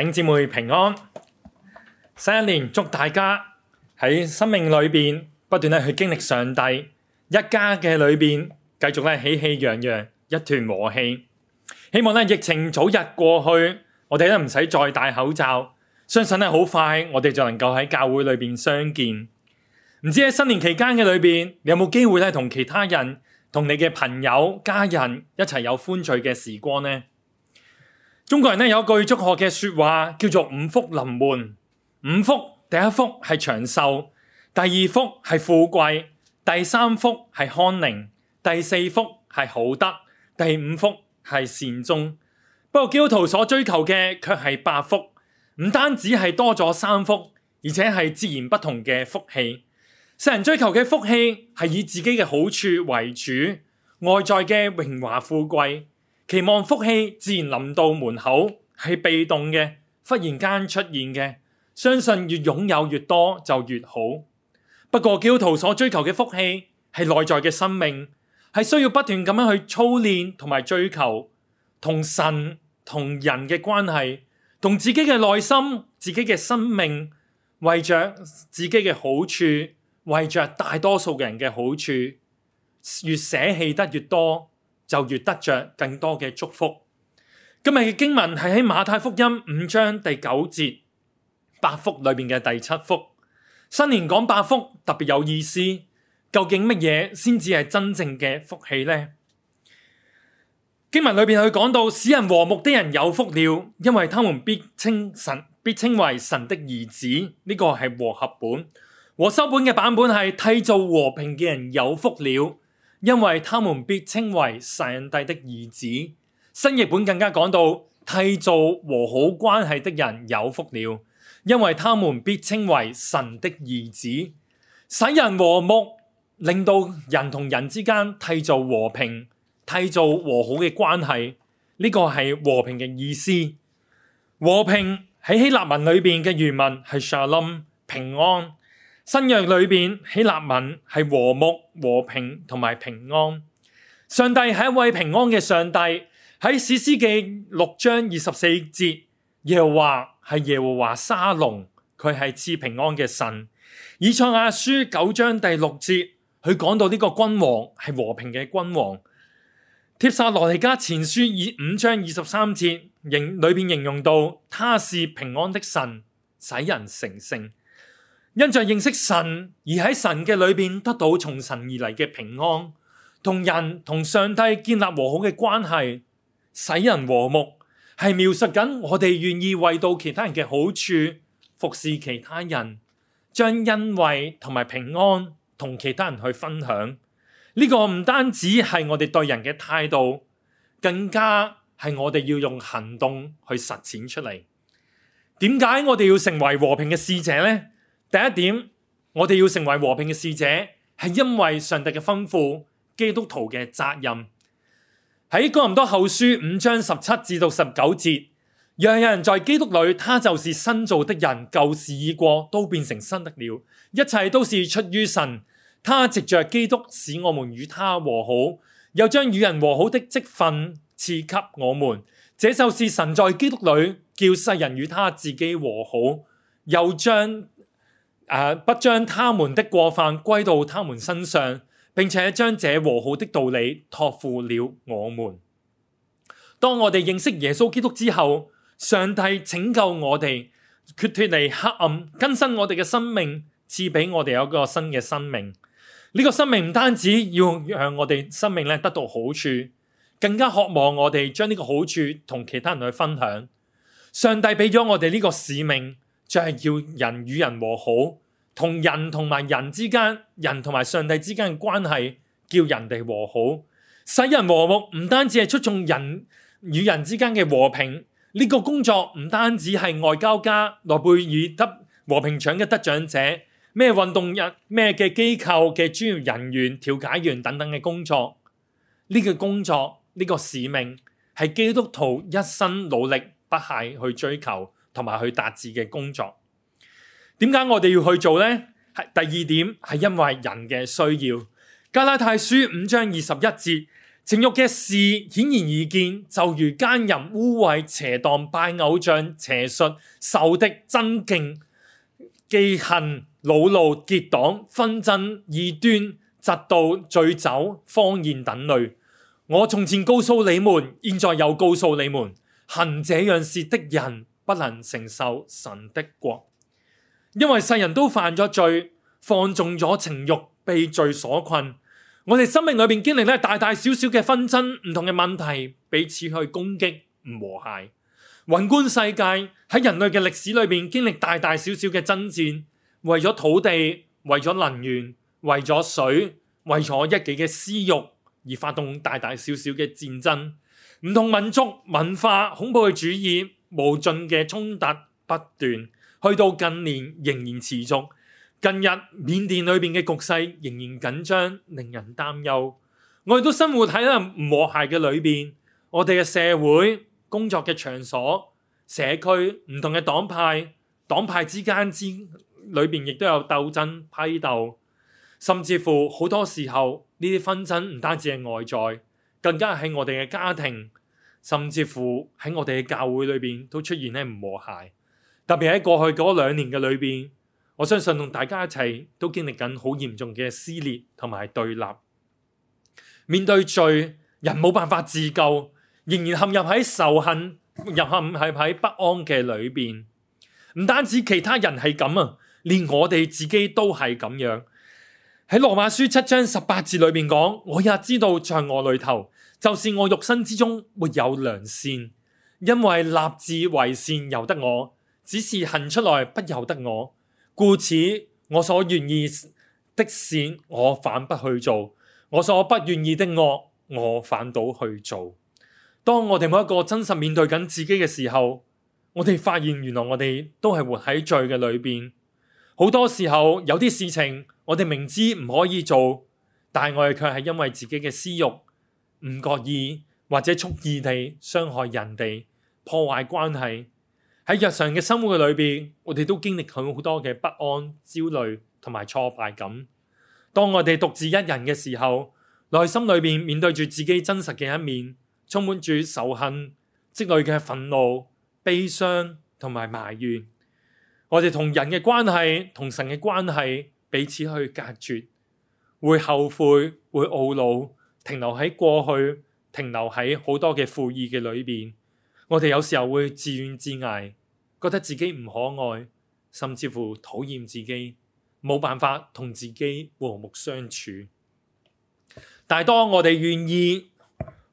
等姊妹平安，新一年祝大家喺生命裏邊不斷去經歷上帝一家嘅裏邊，繼續咧喜氣洋洋，一團和氣。希望咧疫情早日過去，我哋都唔使再戴口罩。相信咧好快，我哋就能夠喺教會裏邊相見。唔知喺新年期間嘅裏邊，你有冇機會咧同其他人、同你嘅朋友、家人一齊有歡聚嘅時光呢？中國人呢有一句祝賀嘅說話，叫做五福臨門。五福第一福係長壽，第二福係富貴，第三福係康寧，第四福係好德，第五福係善終。不過基督徒所追求嘅卻係八福，唔單止係多咗三福，而且係截然不同嘅福氣。世人追求嘅福氣係以自己嘅好處為主，外在嘅榮華富貴。期望福氣自然臨到門口，係被動嘅，忽然間出現嘅。相信越擁有越多就越好。不過基督徒所追求嘅福氣係內在嘅生命，係需要不斷咁樣去操練同埋追求，同神同人嘅關係，同自己嘅內心、自己嘅生命，為着自己嘅好處，為着大多數人嘅好處，越捨棄得越多。就越得着更多嘅祝福。今日嘅經文係喺馬太福音五章第九節八福裏邊嘅第七福。新年講八福特別有意思，究竟乜嘢先至係真正嘅福氣呢？經文裏邊佢講到，使人和睦的人有福了，因為他們必稱神必稱為神的兒子。呢、這個係和合本，和修本嘅版本係締造和平嘅人有福了。因為他們必稱為上帝的兒子。新譯本更加講到，締造和好關係的人有福了，因為他們必稱為神的兒子，使人和睦，令到人同人之間締造和平，締造和好嘅關係。呢、這個係和平嘅意思。和平喺希臘文裏邊嘅原文係 shalom，平安。新約裏邊喺立文係和睦、和平同埋平、平安。上帝係一位平安嘅上帝。喺士師記六章二十四節，耶和華係耶和華沙龍，佢係賜平安嘅神。以賽亞書九章第六節，佢講到呢個君王係和平嘅君王。帖撒羅尼迦前書以五章二十三節，形裏邊形容到他是平安的神，使人成聖。因着認識神而喺神嘅裏邊得到從神而嚟嘅平安，同人同上帝建立和好嘅關係，使人和睦，係描述緊我哋願意為到其他人嘅好處服侍其他人，將恩惠同埋平安同其他人去分享。呢、這個唔單止係我哋對人嘅態度，更加係我哋要用行動去實踐出嚟。點解我哋要成為和平嘅使者呢？第一點，我哋要成為和平嘅使者，係因為上帝嘅吩咐，基督徒嘅責任。喺哥林多後書五章十七至到十九節，若有人在基督裏，他就是新造的人，舊事已過，都變成新的了。一切都是出於神，他藉着基督使我們與他和好，又將與人和好的職分賜給我們。這就是神在基督裏叫世人與他自己和好，又將。啊、不將他們的過犯歸到他們身上，並且將這和好的道理託付了我們。當我哋認識耶穌基督之後，上帝拯救我哋，決脱離黑暗，更新我哋嘅生命，賜俾我哋有一個新嘅生命。呢、呢個生命唔單止要讓我哋生命咧得到好處，更加渴望我哋將呢個好處同其他人去分享。上帝俾咗我哋呢個使命。就係叫人與人和好，同人同埋人之間、人同埋上帝之間嘅關係叫人哋和好，使人和睦。唔單止係促進人與人之間嘅和平，呢、這個工作唔單止係外交家諾貝爾得和平獎嘅得獎者，咩運動員、咩嘅機構嘅專業人員、調解員等等嘅工作，呢、這個工作呢、這個使命係基督徒一生努力不懈去追求，同埋去達志嘅工作，點解我哋要去做呢？第二點，係因為人嘅需要。加拉太書五章二十一節，情欲嘅事顯然易見，就如奸淫、污穢、邪蕩、拜偶像、邪術、仇敵、爭競、忌恨、惱怒、結黨、紛爭、異端、嫉妒、醉酒、荒宴等類。我從前告訴你們，現在又告訴你們，行這樣事的人，不能承受神的國，因為世人都犯咗罪，放縱咗情欲，被罪所困。我哋生命裏邊經歷咧大大小小嘅紛爭，唔同嘅問題彼此去攻擊，唔和諧。宏觀世界喺人類嘅歷史裏邊經歷大大小小嘅爭戰，為咗土地，為咗能源，為咗水，為咗一己嘅私欲而發動大大小小嘅戰爭，唔同民族文化恐怖嘅主義。無盡嘅衝突不斷，去到近年仍然持續。近日緬甸裏邊嘅局勢仍然緊張，令人擔憂。我哋都生活喺啦唔和諧嘅裏邊，我哋嘅社會、工作嘅場所、社區、唔同嘅黨派、黨派之間之裏邊亦都有鬥爭批鬥，甚至乎好多時候呢啲紛爭唔單止係外在，更加係我哋嘅家庭。甚至乎喺我哋嘅教會裏邊都出現呢唔和諧，特別喺過去嗰兩年嘅裏邊，我相信同大家一齊都經歷緊好嚴重嘅撕裂同埋對立。面對罪，人冇辦法自救，仍然陷入喺仇恨、又陷唔係喺不安嘅裏邊。唔單止其他人係咁啊，連我哋自己都係咁樣。喺羅馬書七章十八節裏邊講，我也知道在我裏頭。就是我肉身之中沒有良善，因為立志為善由得我，只是行出來不由得我，故此我所願意的善我反不去做，我所不願意的惡我反倒去做。當我哋每一個真實面對緊自己嘅時候，我哋發現原來我哋都係活喺罪嘅裏邊。好多時候有啲事情我哋明知唔可以做，但係我哋卻係因為自己嘅私欲。唔覺意或者蓄意地傷害人哋，破壞關係。喺日常嘅生活裏邊，我哋都經歷過好多嘅不安、焦慮同埋挫敗感。當我哋獨自一人嘅時候，內心裏邊面，面，面對住自己真實嘅一面，充滿住仇恨、積累嘅憤怒、悲傷同埋埋怨。我哋同人嘅關係、同神嘅關係彼此去隔絕，會後悔、會懊惱。停留喺過去，停留喺好多嘅負義嘅裏邊，我哋有時候會自怨自艾，覺得自己唔可愛，甚至乎討厭自己，冇辦法同自己和睦相處。但係當我哋願意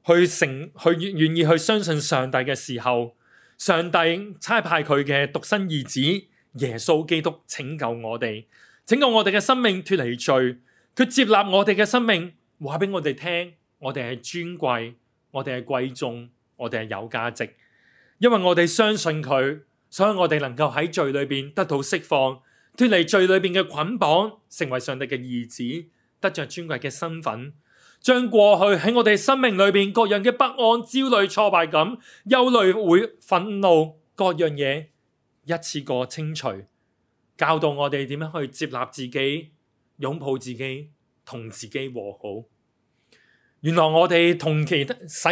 去成去願意去相信上帝嘅時候，上帝差派佢嘅獨生兒子耶穌基督拯救我哋，拯救我哋嘅生命脫離罪，佢接納我哋嘅生命。話俾我哋聽，我哋係尊貴，我哋係貴重，我哋係有價值，因為我哋相信佢，所以我哋能夠喺罪裏邊得到釋放，脫離罪裏邊嘅捆綁，成為上帝嘅兒子，得着尊貴嘅身份，將過去喺我哋生命裏邊各樣嘅不安、焦慮、挫敗感、憂慮、會憤怒各樣嘢，一次過清除，教導我哋點樣去接納自己，擁抱自己。同自己和好，原來我哋同其他使，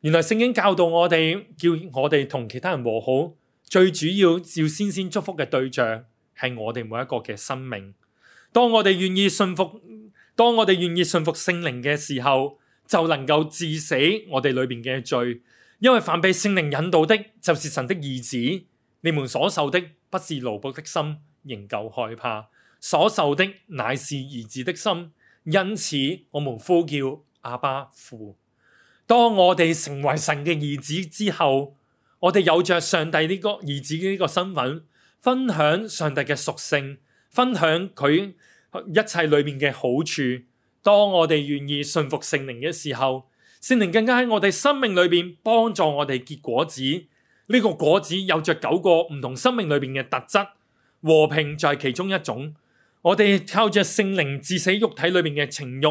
原來聖經教導我哋叫我哋同其他人和好，最主要照先先祝福嘅對象係我哋每一個嘅生命。當我哋願意信服，當我哋願意信服聖靈嘅時候，就能夠致死我哋裏面嘅罪，因為凡被聖靈引導的，就是神的兒子。你們所受的不是奴僕的心，仍舊害怕；所受的乃是兒子的心。因此，我們呼叫阿巴父。當我哋成為神嘅兒子之後，我哋有着上帝呢個兒子嘅呢個身份，分享上帝嘅屬性，分享佢一切裏面嘅好處。當我哋願意信服聖靈嘅時候，聖靈更加喺我哋生命裏邊幫助我哋結果子。呢個果子有着九個唔同生命裏邊嘅特質，和平就係其中一種。我哋靠着聖靈致死肉體裏面嘅情慾，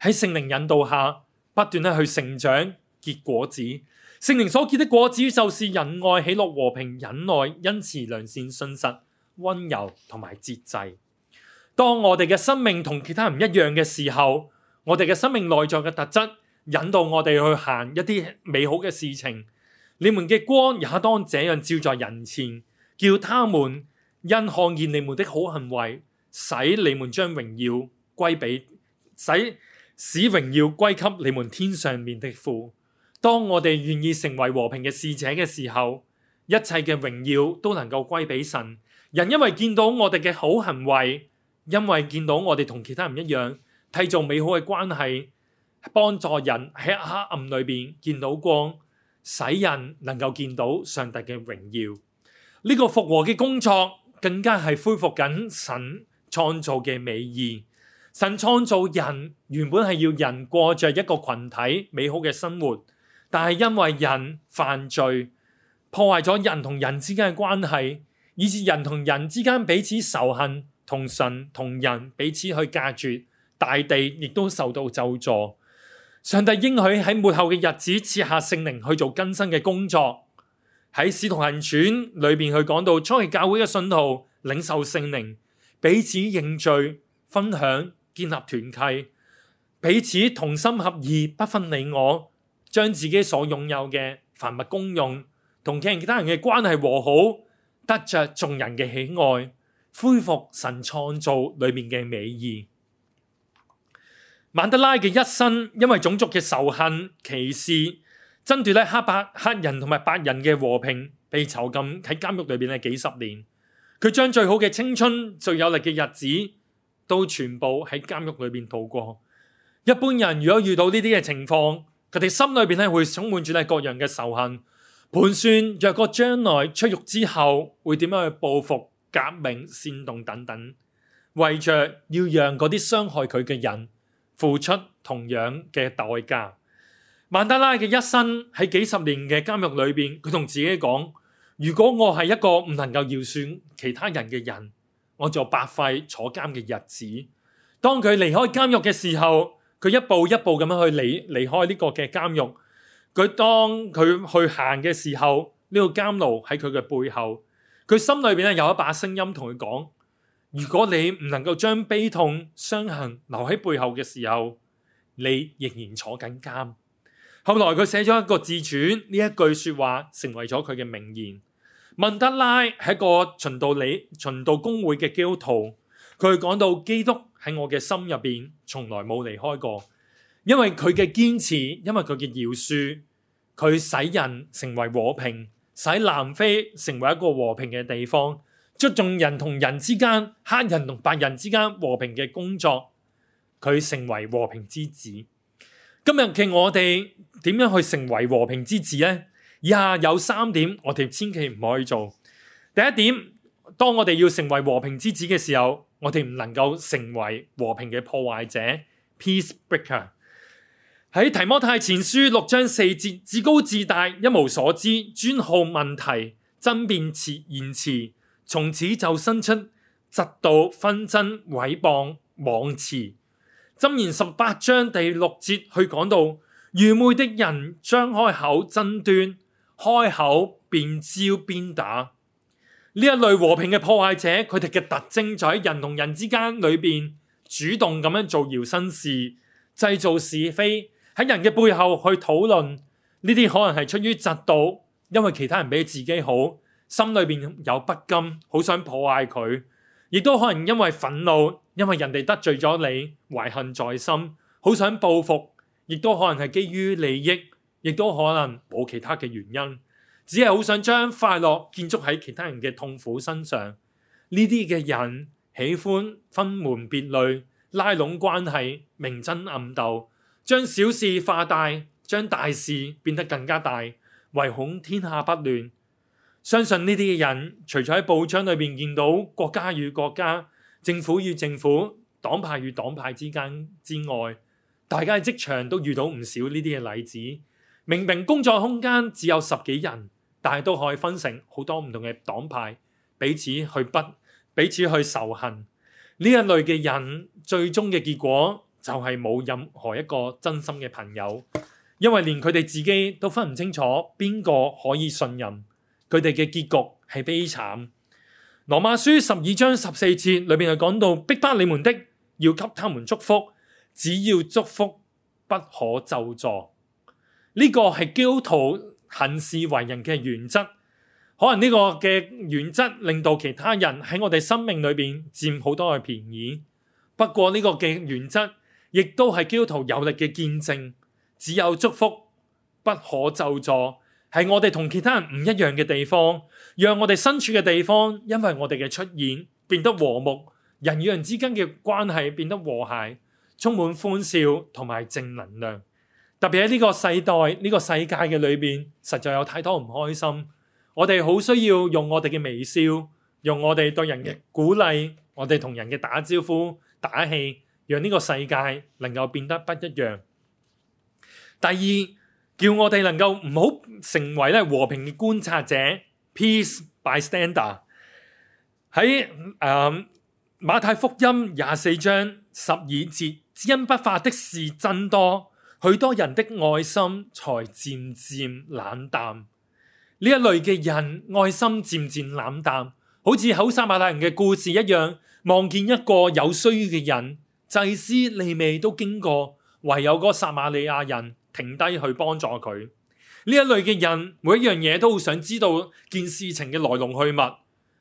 喺聖靈引導下不斷地去成長，結果子。聖靈所結的果子就是仁愛、喜樂、和平、忍耐、恩慈、良善、信實、溫柔同埋節制。當我哋嘅生命同其他人唔一樣嘅時候，我哋嘅生命內在嘅特質引導我哋去行一啲美好嘅事情。你們嘅光也當這樣照在人前，叫他們因看見你們的好行為。使你們將榮耀歸俾，使使榮耀歸給你們天上面的父。當我哋願意成為和平嘅使者嘅時候，一切嘅榮耀都能夠歸俾神。人因為見到我哋嘅好行為，因為見到我哋同其他人一樣，締造美好嘅關係，幫助人喺黑暗裏邊見到光，使人能夠見到上帝嘅榮耀。呢、這個復和嘅工作更加係恢復緊神。創造嘅美意，神創造人原本係要人過着一個群體美好嘅生活，但係因為人犯罪，破壞咗人同人之間嘅關係，以致人同人之間彼此仇恨，同神同人彼此去隔絕，大地亦都受到咒詛。上帝應許喺末後嘅日子賜下聖靈去做更新嘅工作。喺使徒行傳裏邊佢講到初期教會嘅信徒領受聖靈彼此認罪、分享、建立團契，彼此同心合意，不分你我，將自己所擁有嘅凡物公用，同其他人嘅關係和好，得着眾人嘅喜愛，恢復神創造裏面嘅美意。曼德拉嘅一生因為種族嘅仇恨、歧視、爭奪黑白黑人同埋白人嘅和平，被囚禁喺監獄裏面嘅幾十年。佢將最好嘅青春、最有力嘅日子，都全部喺監獄裏邊度過。一般人如果遇到呢啲嘅情況，佢哋心裏邊咧會充滿住咧各樣嘅仇恨、盤算，若果將來出獄之後會點樣去報復、革命、煽動等等，為着要讓嗰啲傷害佢嘅人付出同樣嘅代價。曼德拉嘅一生喺幾十年嘅監獄裏邊，佢同自己講。如果我係一個唔能夠饒恕其他人嘅人，我就白費坐監嘅日子。當佢離開監獄嘅時候，佢一步一步咁樣去離離開呢個嘅監獄。佢當佢去行嘅時候，呢、這個監牢喺佢嘅背後。佢心裏邊咧有一把聲音同佢講：如果你唔能夠將悲痛傷痕留喺背後嘅時候，你仍然坐緊監。後來佢寫咗一個自傳，呢一句說話成為咗佢嘅名言。曼德拉係一個循道理循道公會嘅基督徒，佢講到基督喺我嘅心入邊從來冇離開過，因為佢嘅堅持，因為佢嘅饒恕，佢使人成為和平，使南非成為一個和平嘅地方，着重人同人之間、黑人同白人之間和平嘅工作，佢成為和平之子。今日嘅我哋點樣去成為和平之子咧？呀，有三點我哋千祈唔可以做。第一點，當我哋要成為和平之子嘅時候，我哋唔能夠成為和平嘅破壞者 （peace breaker）。喺提摩太前書六章四節，自高自大，一無所知，專好問題爭辯詞言詞，從此就生出嫉妒、紛爭、毀謗、妄詞。箴言十八章第六節去講到：愚昧的人張開口爭端。開口便招邊打，呢一類和平嘅破壞者，佢哋嘅特徵就喺人同人之間裏邊，主動咁樣造謠生事，製造是非，喺人嘅背後去討論呢啲，可能係出於嫉妒，因為其他人比自己好，心裏邊有不甘，好想破壞佢，亦都可能因為憤怒，因為人哋得罪咗你，懷恨在心，好想報復，亦都可能係基於利益。亦都可能冇其他嘅原因，只係好想將快樂建築喺其他人嘅痛苦身上。呢啲嘅人喜歡分門別類、拉攏關係、明爭暗鬥，將小事化大，將大事變得更加大，唯恐天下不亂。相信呢啲嘅人，除咗喺報章裏邊見到國家與國家、政府與政府、黨派與黨派之間之外，大家喺職場都遇到唔少呢啲嘅例子。明明工作空間只有十幾人，但係都可以分成好多唔同嘅黨派，彼此去不，彼此去仇恨。呢一類嘅人，最終嘅結果就係冇任何一個真心嘅朋友，因為連佢哋自己都分唔清楚邊個可以信任，佢哋嘅結局係悲慘。羅馬書十二章十四節裏面就講到，逼迫你們的要給他們祝福，只要祝福不可咒詛。」呢個係基督徒行事為人嘅原則，可能呢個嘅原則令到其他人喺我哋生命裏邊佔好多嘅便宜。不過呢個嘅原則亦都係基督徒有力嘅見證，只有祝福，不可咒詛，係我哋同其他人唔一樣嘅地方，讓我哋身處嘅地方因為我哋嘅出現變得和睦，人與人之間嘅關係變得和諧，充滿歡笑同埋正能量。特別喺呢個世代，呢個世界嘅裏邊，實在有太多唔開心。我哋好需要用我哋嘅微笑，用我哋對人嘅鼓勵，我哋同人嘅打招呼，打氣，讓呢個世界能夠變得不一樣。第二，叫我哋能夠唔好成為咧和平嘅觀察者 （peace bystander）。喺誒、uh, 馬太福音廿四章十二節，因不發的事真多。許多人的愛心才漸漸冷淡，呢一類嘅人愛心漸漸冷淡，好似口撒馬利亞人嘅故事一樣，望見一個有需要嘅人，祭司利未都經過，唯有個撒瑪利亞人停低去幫助佢。呢一類嘅人，每一樣嘢都好想知道件事情嘅來龍去脈，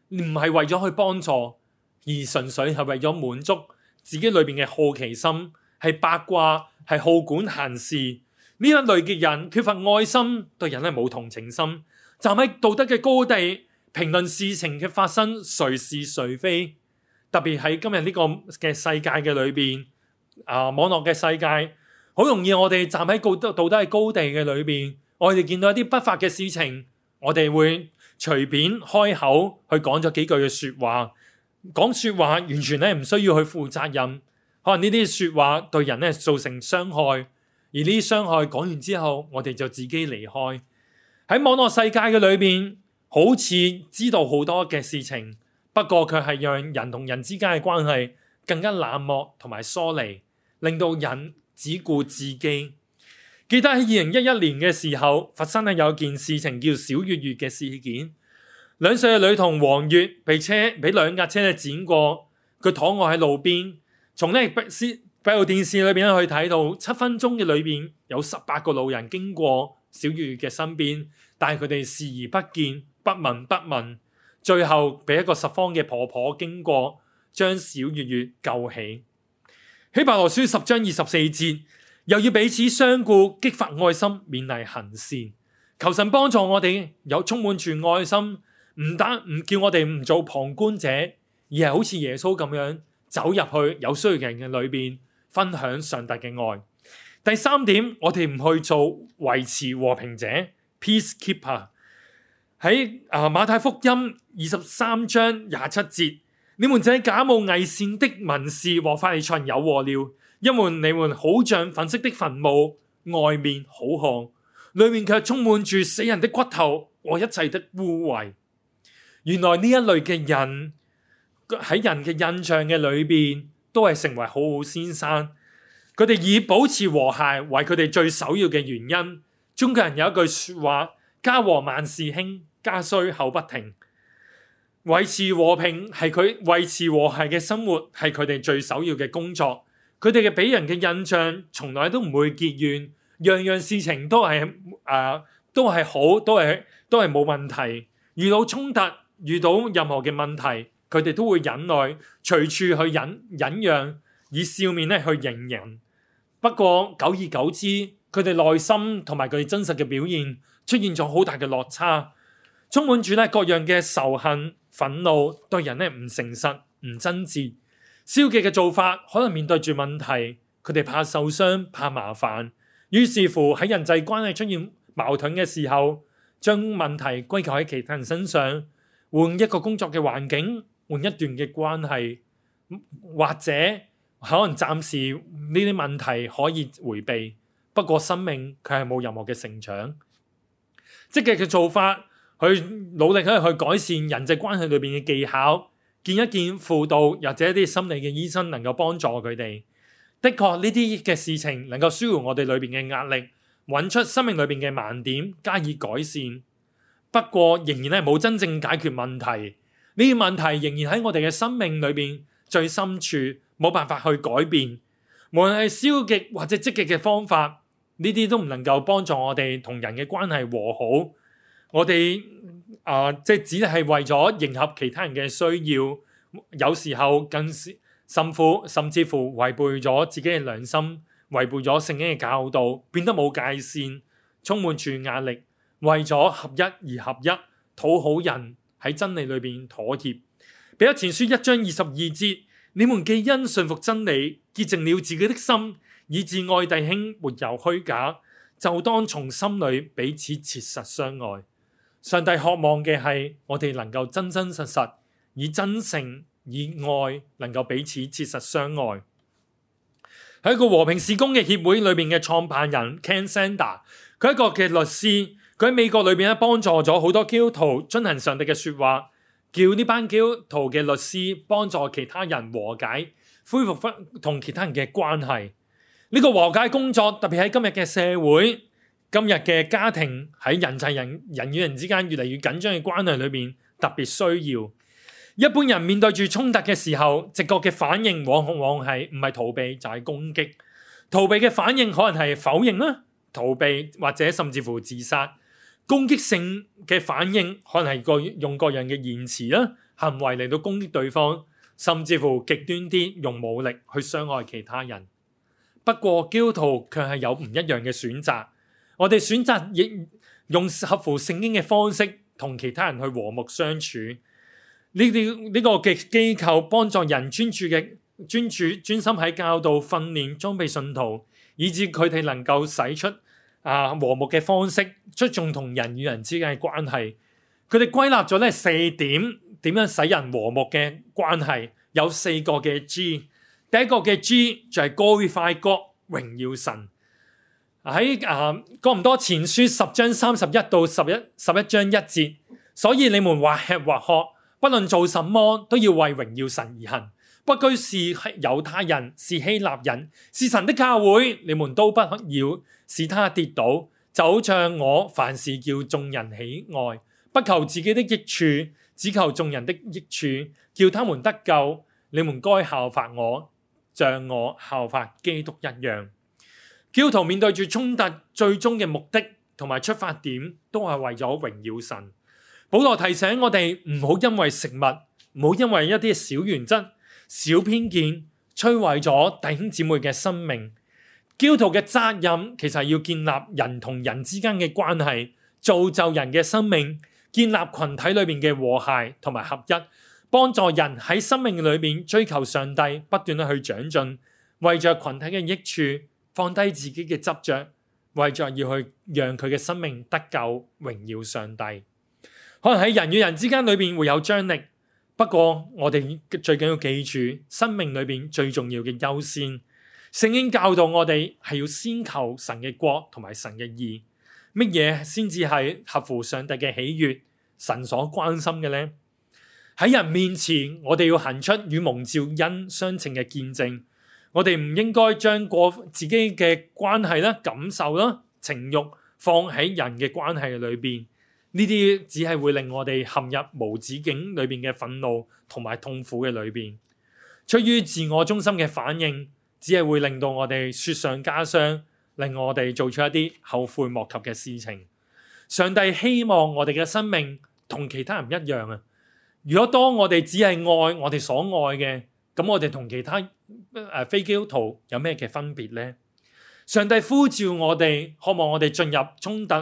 唔係為咗去幫助，而純粹係為咗滿足自己裏邊嘅好奇心。係八卦，係好管閒事，呢一類嘅人，缺乏愛心，對人係冇同情心，站喺道德嘅高地評論事情嘅發生，誰是誰非，特別喺今日呢個嘅世界嘅裏邊，啊網絡嘅世界，好容易我哋站喺道德道德嘅高地嘅裏邊，我哋見到一啲不法嘅事情，我哋會隨便開口去講咗幾句嘅說話，講說話完全咧唔需要去負責任。可能呢啲説話對人咧造成傷害，而呢啲傷害講完之後，我哋就自己離開。喺網絡世界嘅裏邊，好似知道好多嘅事情，不過佢係讓人同人之間嘅關係更加冷漠同埋疏離，令到人只顧自己。記得喺二零一一年嘅時候，佛山有件事情叫小悅悅嘅事件，兩歲嘅女童黃悅被車俾兩架車咧碾過，佢躺卧喺路邊。從呢閉視閉路電視裏邊去睇到七分鐘嘅裏邊有十八個老人經過小悅悅嘅身邊，但係佢哋視而不見，不聞不問。最後俾一個拾荒嘅婆婆經過，將小悅悅救起。喺《希伯來書》十章二十四節，又要彼此相顧，激發愛心，勉勵行善。求神幫助我哋有充滿住愛心，唔單唔叫我哋唔做旁觀者，而係好似耶穌咁樣。走入去有需要嘅人嘅裏邊，分享上帝嘅愛。第三點，我哋唔去做維持和平者 （peacekeeper）。喺 Peace 啊，馬太福音二十三章廿七節，你們這假冒偽善的文士和法利賽有禍了，因為你們好像粉飾的墳墓，外面好看，裏面卻充滿住死人的骨頭和一切的污穢。原來呢一類嘅人。喺人嘅印象嘅裏邊，都係成為好好先生。佢哋以保持和諧為佢哋最首要嘅原因。中國人有一句說話：家和萬事興，家衰口不停。維持和平係佢維持和諧嘅生活，係佢哋最首要嘅工作。佢哋嘅俾人嘅印象，從來都唔會結怨，樣樣事情都係誒，都係好，都係都係冇問題。遇到衝突，遇到任何嘅問題。佢哋都會忍耐，隨處去忍忍讓，以笑面咧去迎人。不過久而久之，佢哋內心同埋佢哋真實嘅表現出現咗好大嘅落差，充滿住咧各樣嘅仇恨、憤怒，對人咧唔誠實、唔真摯，消極嘅做法。可能面對住問題，佢哋怕受傷、怕麻煩，於是乎喺人際關係出現矛盾嘅時候，將問題歸咎喺其他人身上，換一個工作嘅環境。換一段嘅關係，或者可能暫時呢啲問題可以迴避。不過生命佢係冇任何嘅成長，積極嘅做法去努力去改善人際關係裏邊嘅技巧，見一見輔導或者一啲心理嘅醫生，能夠幫助佢哋。的確呢啲嘅事情能夠舒緩我哋裏邊嘅壓力，揾出生命裏邊嘅盲點加以改善。不過仍然係冇真正解決問題。呢啲問題仍然喺我哋嘅生命裏邊最深處冇辦法去改變，無論係消極或者積極嘅方法，呢啲都唔能夠幫助我哋同人嘅關係和好。我哋啊，即、呃、只係為咗迎合其他人嘅需要，有時候更辛苦，甚至乎違背咗自己嘅良心，違背咗聖經嘅教導，變得冇界線，充滿住壓力，為咗合一而合一，討好人。喺真理裏邊妥協。彼得前書一章二十二節：你們既因信服真理，潔淨了自己的心，以致愛弟兄沒有虛假，就當從心裡彼此切實相愛。上帝渴望嘅係我哋能夠真真實實，以真誠以愛，能夠彼此切實相愛。喺一個和平事工嘅協會裏面嘅創辦人 Ken Sander 佢係一個嘅律師。佢喺美國裏邊咧，幫助咗好多基督徒遵行上帝嘅說話，叫呢班基督徒嘅律師幫助其他人和解，恢復翻同其他人嘅關係。呢、這個和解工作特別喺今日嘅社會、今日嘅家庭喺人際人人與人之間越嚟越緊張嘅關係裏面特別需要。一般人面對住衝突嘅時候，直覺嘅反應往往係唔係逃避就係、是、攻擊。逃避嘅反應可能係否認啦，逃避或者甚至乎自殺。攻擊性嘅反應可能係個用各樣嘅言辭啦、行為嚟到攻擊對方，甚至乎極端啲用武力去傷害其他人。不過基督徒卻係有唔一樣嘅選擇，我哋選擇用合乎聖經嘅方式同其他人去和睦相處。呢啲呢個嘅、這個、機構幫助人專注嘅專注專心喺教導訓練裝備信徒，以致佢哋能夠使出。啊，和睦嘅方式，注重同人與人之間嘅關係。佢哋歸納咗咧四點點樣使人和睦嘅關係，有四個嘅 G。第一個嘅 G 就係 Glorify God，榮耀神。喺啊，哥林多前書十章三十一到十一十一章一節，所以你們或吃或喝，不論做什麼都要為榮耀神而行。不居是猶太人，是希臘人，是神的教會，你們都不要使他跌倒。就好像我凡事叫眾人喜愛，不求自己的益處，只求眾人的益處，叫他們得救。你們該效法我，像我效法基督一樣。基督徒面對住衝突，最終嘅目的同埋出發點都係為咗榮耀神。保羅提醒我哋唔好因為食物，唔好因為一啲小原則。小偏見摧毀咗弟兄姊妹嘅生命。教徒嘅責任其實係要建立人同人之間嘅關係，造就人嘅生命，建立群體裏面嘅和諧同埋合一，幫助人喺生命裏面追求上帝，不斷去長進，為着群體嘅益處放低自己嘅執着，為着要去讓佢嘅生命得救，榮耀上帝。可能喺人與人之間裏面會有張力。不過我哋最緊要記住，生命裏邊最重要嘅優先，聖經教導我哋係要先求神嘅國同埋神嘅義。乜嘢先至係合乎上帝嘅喜悅、神所關心嘅咧？喺人面前，我哋要行出與蒙召恩相稱嘅見證。我哋唔應該將過自己嘅關係啦、感受啦、情欲放喺人嘅關係裏邊。呢啲只係會令我哋陷入無止境裏邊嘅憤怒同埋痛苦嘅裏邊，出於自我中心嘅反應，只係會令到我哋雪上加霜，令我哋做出一啲後悔莫及嘅事情。上帝希望我哋嘅生命同其他人唔一樣啊！如果當我哋只係愛我哋所愛嘅，咁我哋同其他誒非基督徒有咩嘅分別呢？上帝呼召我哋，渴望我哋進入衝突，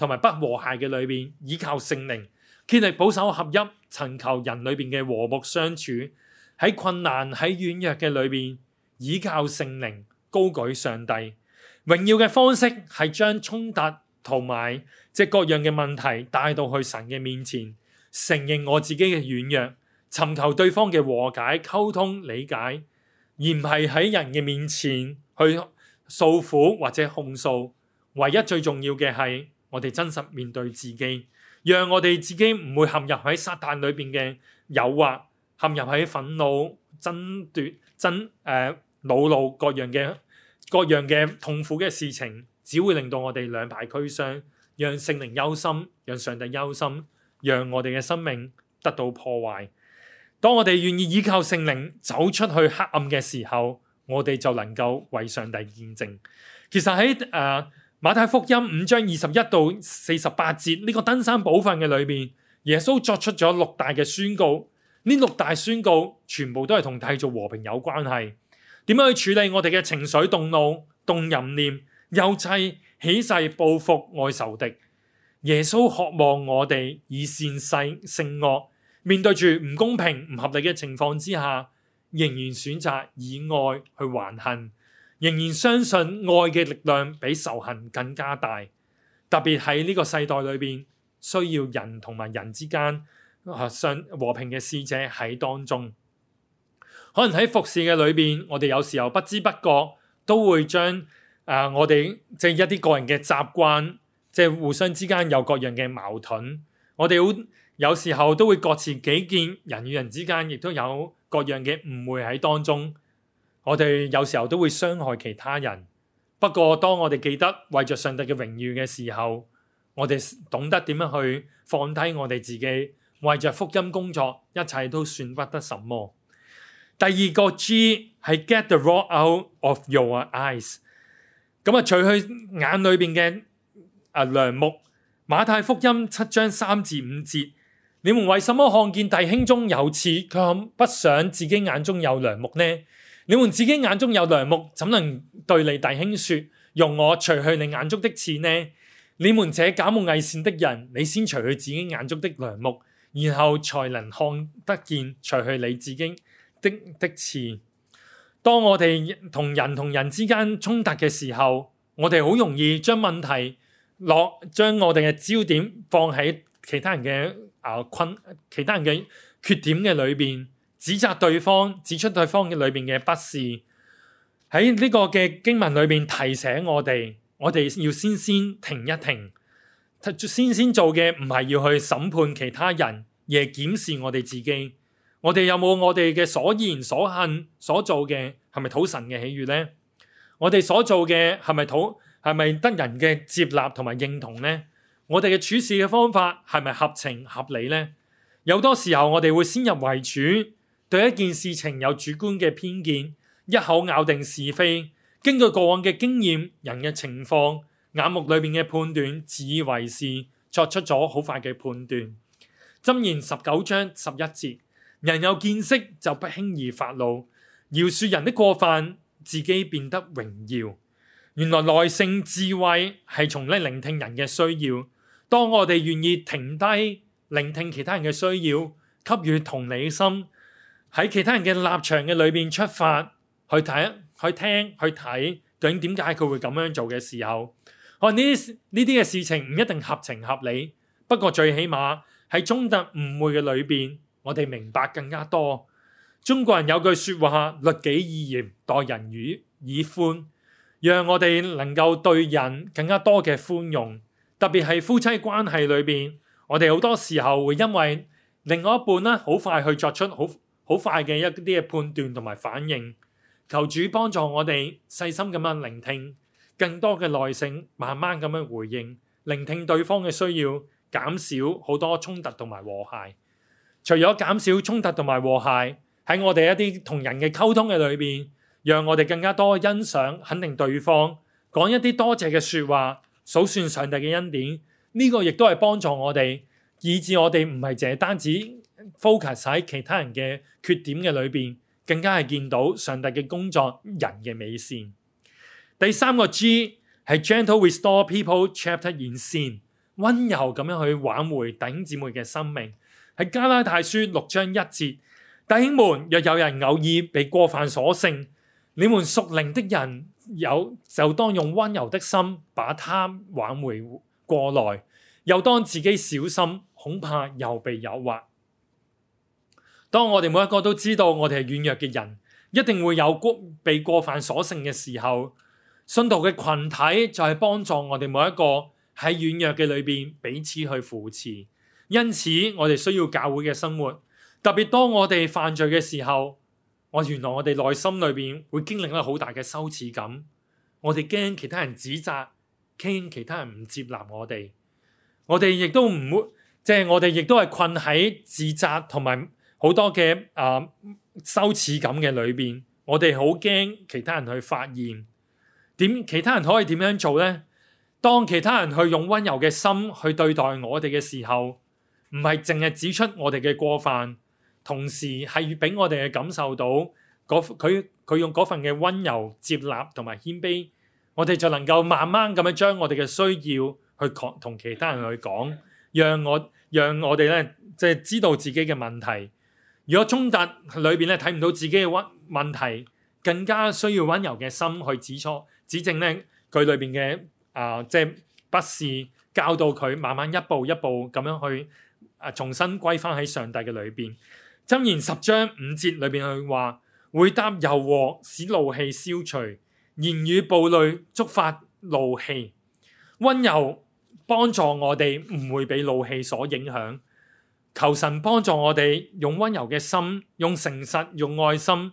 同埋不和諧嘅裏邊，依靠聖靈，竭力保守合一，尋求人裏邊嘅和睦相處。喺困難、喺軟弱嘅裏邊，依靠聖靈高舉上帝榮耀嘅方式，係將衝突同埋即各樣嘅問題帶到去神嘅面前，承認我自己嘅軟弱，尋求對方嘅和解、溝通、理解，而唔係喺人嘅面前去訴苦或者控訴。唯一最重要嘅係。我哋真實面對自己，讓我哋自己唔會陷入喺撒旦裏邊嘅誘惑，陷入喺憤怒、爭奪、爭誒惱怒各樣嘅各樣嘅痛苦嘅事情，只會令到我哋兩敗俱傷，讓聖靈憂心，讓上帝憂心，讓我哋嘅生命得到破壞。當我哋願意依靠聖靈走出去黑暗嘅時候，我哋就能夠為上帝見證。其實喺誒。呃馬太福音五章二十一到四十八節呢、這個登山寶訓嘅裏面，耶穌作出咗六大嘅宣告。呢六大宣告全部都係同締造和平有關係。點樣去處理我哋嘅情緒、動怒、動淫念、休妻、起誓、報復、愛仇敵？耶穌渴望我哋以善勢勝惡，面對住唔公平、唔合理嘅情況之下，仍然選擇以愛去還恨。仍然相信愛嘅力量比仇恨更加大，特別喺呢個世代裏邊，需要人同埋人之間相和平嘅使者喺當中。可能喺服侍嘅裏邊，我哋有時候不知不覺都會將誒、呃、我哋即係一啲個人嘅習慣，即、就、係、是、互相之間有各樣嘅矛盾。我哋好有時候都會各持己見，人與人之間亦都有各樣嘅誤會喺當中。我哋有時候都會傷害其他人，不過當我哋記得為着上帝嘅榮耀嘅時候，我哋懂得點樣去放低我哋自己，為着福音工作，一切都算不得什麼。第二個 G 係 get the rock out of your eyes，咁啊，除去眼裏邊嘅啊梁木。馬太福音七章三至五節，你們為什麼看見弟兄中有刺，卻不想自己眼中有梁木呢？你們自己眼中有梁木，怎能對你弟兄說：容我除去你眼中的刺呢？你們這假冒偽善的人，你先除去自己眼中的梁木，然後才能看得見，除去你自己的的刺。當我哋同人同人之間衝突嘅時候，我哋好容易將問題攞，將我哋嘅焦點放喺其他人嘅啊困，其他人嘅缺點嘅裏邊。指責對方，指出對方嘅裏邊嘅不是，喺呢個嘅經文裏面提醒我哋，我哋要先先停一停，先先做嘅唔係要去審判其他人，而係檢視我哋自己，我哋有冇我哋嘅所言所恨所做嘅係咪討神嘅喜悦呢？我哋所做嘅係咪討係咪得人嘅接納同埋認同呢？我哋嘅處事嘅方法係咪合情合理呢？有多時候我哋會先入為主。對一件事情有主觀嘅偏見，一口咬定是非，根據過,過往嘅經驗、人嘅情況、眼目裏邊嘅判斷，自以為是，作出咗好快嘅判斷。箴言十九章十一節：人有見識就不輕易發怒，饒恕人的過犯，自己變得榮耀。原來耐性智慧係從嚟聆聽人嘅需要。當我哋願意停低聆聽其他人嘅需要，給予同理心。喺其他人嘅立場嘅裏邊出發去睇、去聽、去睇究竟點解佢會咁樣做嘅時候，哦呢呢啲嘅事情唔一定合情合理，不過最起碼喺衝突誤會嘅裏邊，我哋明白更加多。中國人有句説話：律己以嚴，待人以以寬，讓我哋能夠對人更加多嘅寬容，特別係夫妻關係裏邊，我哋好多時候會因為另外一半咧，好快去作出好。好快嘅一啲嘅判斷同埋反應，求主幫助我哋細心咁樣聆聽，更多嘅耐性，慢慢咁樣回應，聆聽對方嘅需要，減少好多衝突同埋和諧。除咗減少衝突同埋和諧，喺我哋一啲同人嘅溝通嘅裏邊，讓我哋更加多欣賞、肯定對方，講一啲多謝嘅說話，數算上帝嘅恩典。呢個亦都係幫助我哋，以致我哋唔係淨係單止。focus 喺其他人嘅缺點嘅裏邊，更加係見到上帝嘅工作，人嘅美善。第三個 G 係 gentle restore people caught in sin，溫柔咁樣去挽回弟兄姊妹嘅生命。喺加拉太書六章一節，弟兄們，若有人偶爾被過犯所勝，你們屬靈的人有就當用溫柔的心把他挽回過來，又當自己小心，恐怕又被誘惑。當我哋每一個都知道我哋係軟弱嘅人，一定會有過被過犯所勝嘅時候，信徒嘅群體就係幫助我哋每一個喺軟弱嘅裏邊彼此去扶持。因此我哋需要教會嘅生活，特別當我哋犯罪嘅時候，我原來我哋內心裏邊會經歷一個好大嘅羞恥感，我哋驚其他人指責，驚其他人唔接納我哋，我哋亦都唔會，即係我哋亦都係困喺自責同埋。好多嘅啊、呃、羞恥感嘅裏邊，我哋好驚其他人去發現點，其他人可以點樣做咧？當其他人去用温柔嘅心去對待我哋嘅時候，唔係淨係指出我哋嘅過犯，同時係俾我哋嘅感受到佢佢用嗰份嘅温柔接納同埋謙卑，我哋就能夠慢慢咁樣將我哋嘅需要去講同其他人去講，讓我讓我哋咧即係知道自己嘅問題。如果衝突裏邊咧睇唔到自己嘅屈問題，更加需要温柔嘅心去指出指正咧佢裏邊嘅啊，即係、呃就是、不善教導佢，慢慢一步一步咁樣去啊、呃、重新歸翻喺上帝嘅裏邊。箴言十章五節裏邊去話：回答柔和，使怒氣消除；言語暴戾，觸發怒氣。温柔幫助我哋，唔會畀怒氣所影響。求神幫助我哋用溫柔嘅心，用誠實、用愛心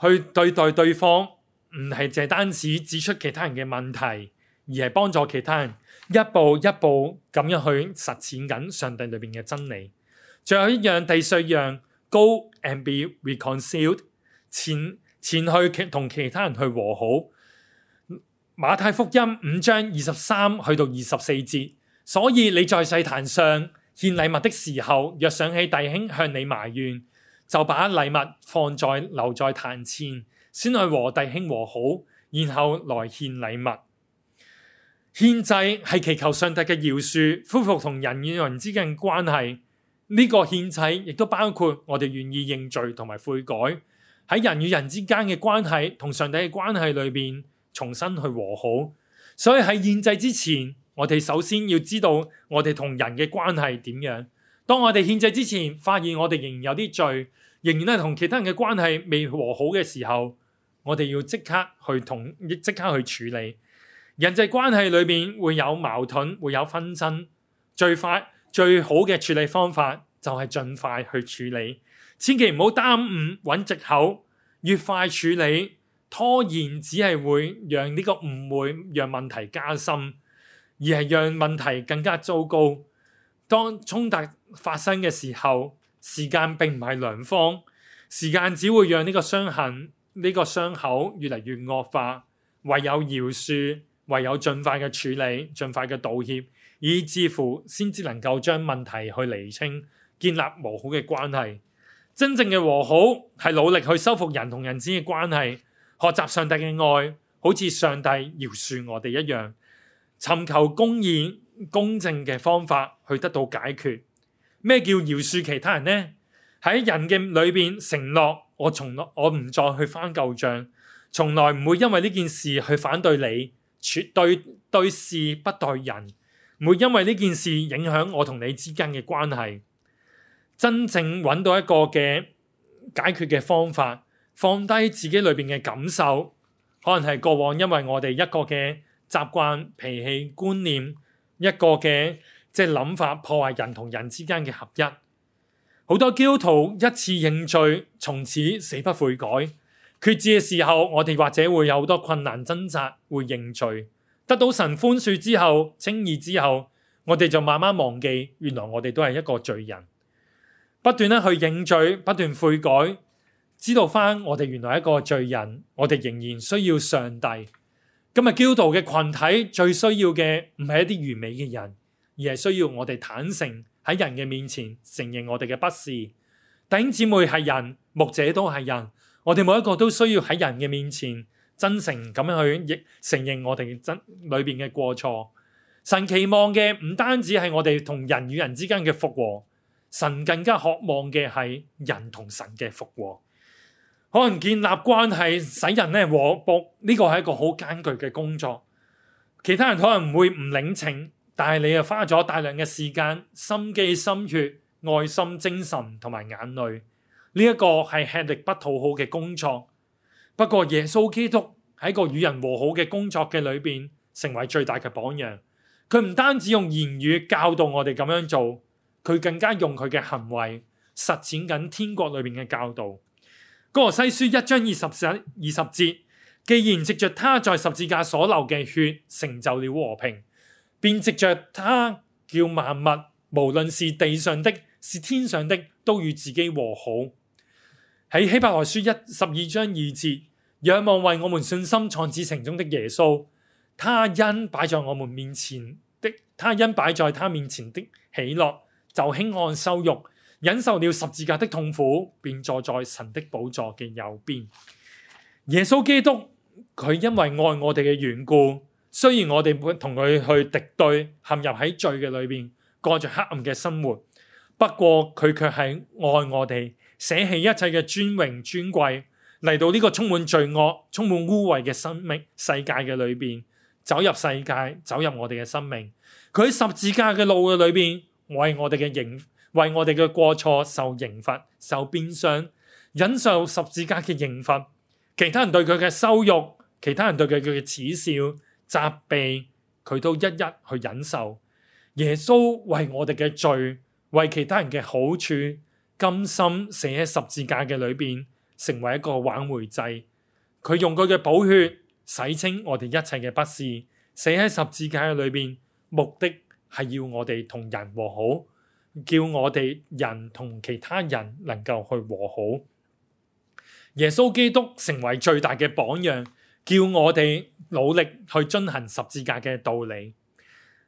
去對待對、對方，唔係借單指指出其他人嘅問題，而係幫助其他人一步一步咁樣去實踐緊上帝裏邊嘅真理。最後一樣，第四樣，Go and be reconciled，前前去其同其他人去和好。馬太福音五章二十三去到二十四節，所以你在世壇上。獻禮物的時候，若想起弟兄向你埋怨，就把禮物放在留在壇前，先去和弟兄和好，然後來獻禮物。獻祭係祈求上帝嘅饒恕，恢復同人與人之間嘅關係。呢個獻祭亦都包括我哋願意認罪同埋悔改，喺人與人之間嘅關係同上帝嘅關係裏邊，重新去和好。所以喺獻祭之前。我哋首先要知道我哋同人嘅關係點樣。當我哋獻祭之前，發現我哋仍然有啲罪，仍然咧同其他人嘅關係未和好嘅時候，我哋要即刻去同即刻去處理人際關係裏邊會有矛盾，會有紛爭。最快最好嘅處理方法就係盡快去處理，千祈唔好耽誤，揾藉口越快處理，拖延只係會讓呢個誤會，讓問題加深。而係讓問題更加糟糕。當衝突發生嘅時候，時間並唔係良方，時間只會讓呢個傷痕、呢個傷口越嚟越惡化。唯有饒恕，唯有盡快嘅處理、盡快嘅道歉，以至乎先至能夠將問題去釐清，建立和好嘅關係。真正嘅和好係努力去修復人同人之間嘅關係，學習上帝嘅愛，好似上帝饒恕我哋一樣。尋求公義、公正嘅方法去得到解決。咩叫饒恕其他人呢？喺人嘅裏邊承諾，我從來我唔再去翻舊賬，從來唔會因為呢件事去反對你，絕對對事不對人，唔會因為呢件事影響我同你之間嘅關係。真正揾到一個嘅解決嘅方法，放低自己裏邊嘅感受，可能係過往因為我哋一個嘅。習慣、脾氣、觀念，一個嘅即係諗法，破壞人同人之間嘅合一。好多基督徒一次認罪，從此死不悔改。決志嘅時候，我哋或者會有好多困難掙扎，會認罪。得到神寬恕之後，稱義之後，我哋就慢慢忘記原來我哋都係一個罪人。不斷咧去認罪，不斷悔改，知道翻我哋原來係一個罪人，我哋仍然需要上帝。今日教導嘅群體最需要嘅唔係一啲完美嘅人，而係需要我哋坦誠喺人嘅面前承認我哋嘅不是。弟兄姊妹係人，牧者都係人，我哋每一個都需要喺人嘅面前真誠咁樣去亦承認我哋真裏邊嘅過錯。神期望嘅唔單止係我哋同人與人之間嘅復和，神更加渴望嘅係人同神嘅復和。可能建立關係使人咧和睦，呢個係一個好艱巨嘅工作。其他人可能會唔領情，但係你又花咗大量嘅時間、心機、心血、愛心、精神同埋眼淚，呢一個係吃力不討好嘅工作。不過耶穌基督喺個與人和好嘅工作嘅裏邊，成為最大嘅榜樣。佢唔單止用言語教導我哋咁樣做，佢更加用佢嘅行為實踐緊天國裏邊嘅教導。哥羅西書一章二十十二十節，既然藉着他在十字架所流嘅血成就了和平，便藉着他叫萬物，無論是地上的，是天上的，都與自己和好。喺希伯來書一十二章二節，仰望為我們信心創始成終的耶穌，他因擺在我們面前的，他因擺在他面前的喜樂，就輕看羞辱，忍受了十字架的痛苦，便坐在神的寶座嘅右邊。耶穌基督佢因為愛我哋嘅緣故，雖然我哋會同佢去敵對，陷入喺罪嘅裏邊，過着黑暗嘅生活，不過佢卻係愛我哋，捨棄一切嘅尊榮尊貴嚟，到呢個充滿罪惡、充滿污穢嘅生命世界嘅裏邊，走入世界，走入我哋嘅生命。佢喺十字架嘅路嘅裏邊，為我哋嘅形。為我哋嘅過錯受刑罰、受鞭傷、忍受十字架嘅刑罰，其他人對佢嘅羞辱、其他人對佢嘅恥笑、責備，佢都一一去忍受。耶穌為我哋嘅罪，為其他人嘅好處，甘心死喺十字架嘅裏邊，成為一個挽回祭。佢用佢嘅寶血洗清我哋一切嘅不是，死喺十字架嘅裏邊，目的係要我哋同人和好。叫我哋人同其他人能夠去和好，耶穌基督成為最大嘅榜樣，叫我哋努力去遵行十字架嘅道理。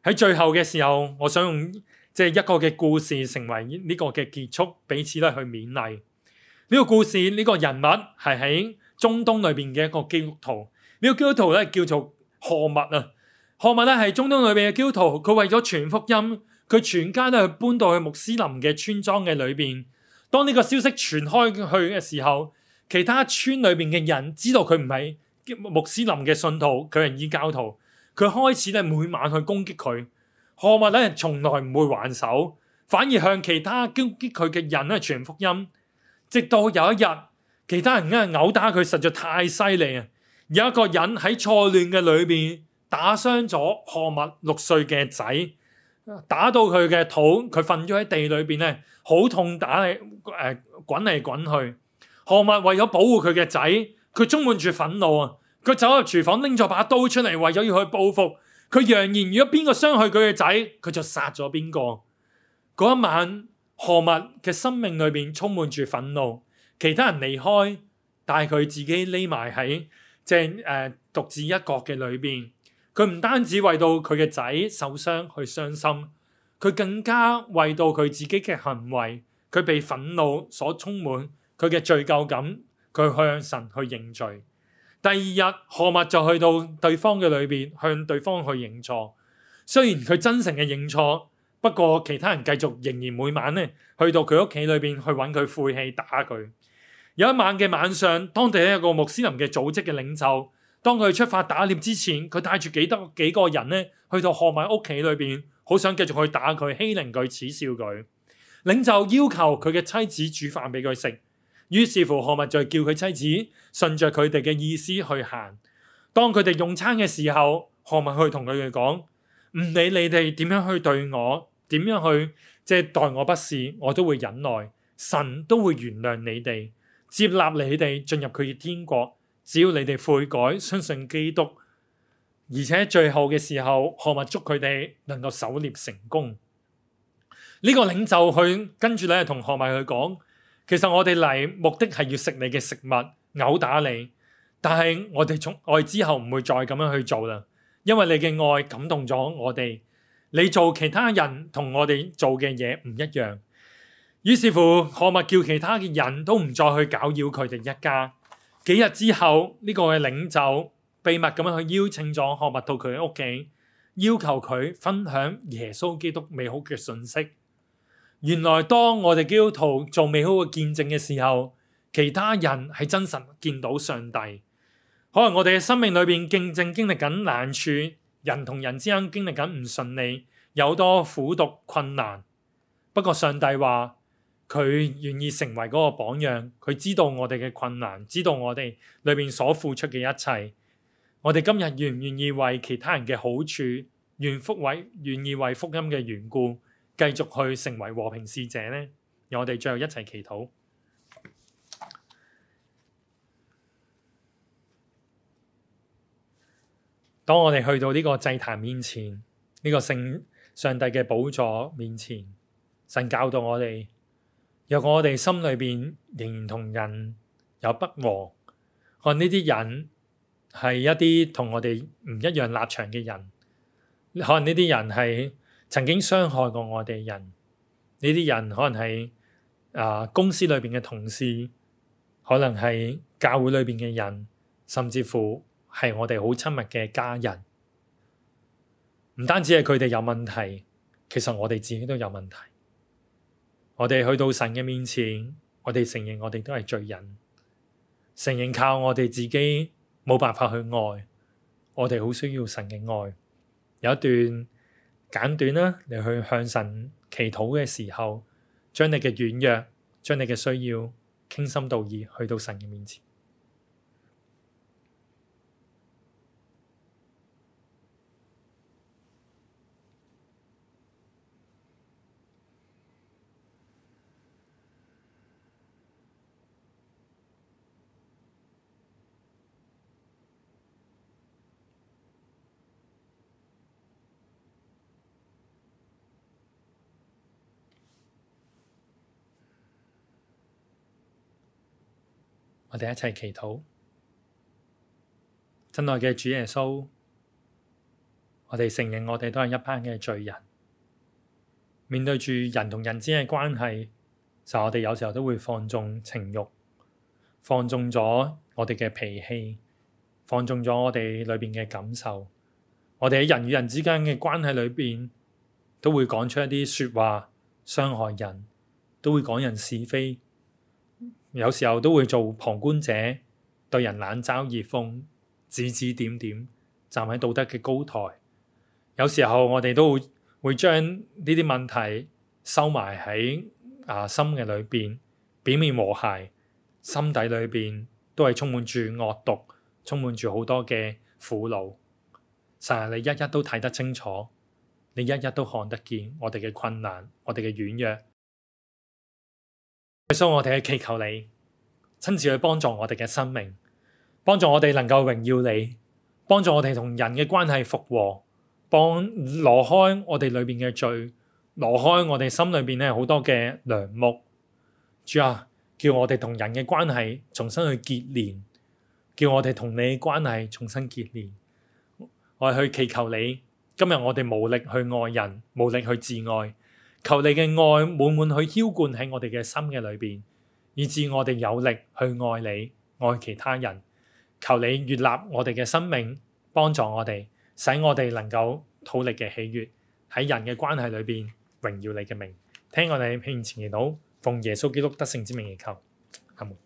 喺最後嘅時候，我想用即係一個嘅故事成為呢個嘅結束，彼此咧去勉勵。呢個故事呢個人物係喺中東裏邊嘅一個基督徒，呢個基督徒咧叫做何物啊？何物咧係中東裏邊嘅基督徒，佢為咗傳福音。佢全家都係搬到去穆斯林嘅村莊嘅裏邊。當呢個消息傳開去嘅時候，其他村裏邊嘅人知道佢唔係穆斯林嘅信徒，佢係異教徒。佢開始咧每晚去攻擊佢。何物咧從來唔會還手，反而向其他攻擊佢嘅人咧傳福音。直到有一日，其他人咧毆打佢實在太犀利啊！有一個人喺錯亂嘅裏邊打傷咗何物六歲嘅仔。打到佢嘅肚，佢瞓咗喺地裏邊咧，好痛打嚟誒，滾嚟滾去。何物為咗保護佢嘅仔，佢充滿住憤怒啊！佢走入廚房拎咗把刀出嚟，為咗要去報復。佢揚言如果邊個傷害佢嘅仔，佢就殺咗邊個。嗰一晚，何物嘅生命裏邊充滿住憤怒。其他人離開，但係佢自己匿埋喺即係誒獨自一角嘅裏邊。佢唔單止為到佢嘅仔受傷去傷心，佢更加為到佢自己嘅行為，佢被憤怒所充滿，佢嘅罪疚感，佢向神去認罪。第二日，何物就去到對方嘅裏邊，向對方去認錯。雖然佢真誠嘅認錯，不過其他人繼續仍然每晚呢去到佢屋企裏邊去揾佢晦氣打佢。有一晚嘅晚上，當地一個穆斯林嘅組織嘅領袖。當佢出發打獵之前，佢帶住幾多幾個人呢去到何物屋企裏邊，好想繼續去打佢、欺凌佢、恥笑佢。領袖要求佢嘅妻子煮飯俾佢食，於是乎何物就叫佢妻子順着佢哋嘅意思去行。當佢哋用餐嘅時候，何物去同佢哋講：唔理你哋點樣去對我，點樣去即係待我不是，我都會忍耐，神都會原諒你哋，接納你哋進入佢嘅天國。只要你哋悔改，相信基督，而且最後嘅時候，何物祝佢哋能夠狩獵成功。呢個領袖去跟住咧，同何物去講，其實我哋嚟目的係要食你嘅食物，毆打你，但係我哋從愛之後唔會再咁樣去做啦，因為你嘅愛感動咗我哋。你做其他人同我哋做嘅嘢唔一樣。於是乎何物叫其他嘅人都唔再去攪擾佢哋一家。幾日之後，呢、這個嘅領袖秘密咁樣去邀請咗何物到佢屋企，要求佢分享耶穌基督美好嘅信息。原來當我哋基督徒做美好嘅見證嘅時候，其他人係真實見到上帝。可能我哋嘅生命裏邊正正經歷緊難處，人同人之間經歷緊唔順利，有多苦毒困難。不過上帝話。佢願意成為嗰個榜樣，佢知道我哋嘅困難，知道我哋裏面所付出嘅一切。我哋今日願唔願意為其他人嘅好處願福位，願意為福音嘅緣故繼續去成為和平使者咧？我哋最後一齊祈禱。當我哋去到呢個祭壇面前，呢個聖上帝嘅寶座面前，神教導我哋。若果我哋心裏邊仍然同人有不和，可能呢啲人係一啲同我哋唔一樣立場嘅人，可能呢啲人係曾經傷害過我哋人，呢啲人可能係啊、呃、公司裏邊嘅同事，可能係教會裏邊嘅人，甚至乎係我哋好親密嘅家人。唔單止係佢哋有問題，其實，我哋自己都有問題。我哋去到神嘅面前，我哋承認我哋都係罪人，承認靠我哋自己冇辦法去愛，我哋好需要神嘅愛。有一段簡短啦，你去向神祈禱嘅時候，將你嘅軟弱，將你嘅需要傾心道意去到神嘅面前。我哋一齊祈禱，親愛嘅主耶穌，我哋承認我哋都係一班嘅罪人。面對住人同人之間嘅關係，就我哋有時候都會放縱情欲，放縱咗我哋嘅脾氣，放縱咗我哋裏邊嘅感受。我哋喺人與人之間嘅關係裏邊，都會講出一啲說話傷害人，都會講人是非。有時候都會做旁觀者，對人冷嘲熱諷，指指點點，站喺道德嘅高台。有時候我哋都會會將呢啲問題收埋喺啊心嘅裏邊，表面和諧，心底裏邊都係充滿住惡毒，充滿住好多嘅苦惱。神，就係，你一一都睇得清楚，你一一都看得見我哋嘅困難，我哋嘅軟弱。所以，我哋去祈求你親自去幫助我哋嘅生命，幫助我哋能夠榮耀你，幫助我哋同人嘅關係復和。幫攞開我哋裏邊嘅罪，攞開我哋心裏邊咧好多嘅梁木。主啊，叫我哋同人嘅關係重新去結連，叫我哋同你嘅關係重新結連。我係去祈求你，今日我哋無力去愛人，無力去自愛。求你嘅愛滿滿去澆灌喺我哋嘅心嘅裏邊，以致我哋有力去愛你愛其他人。求你悅納我哋嘅生命，幫助我哋，使我哋能夠討你嘅喜悅，喺人嘅關係裏邊榮耀你嘅名。聽我哋獻前祈禱，奉耶穌基督得勝之名而求，阿門。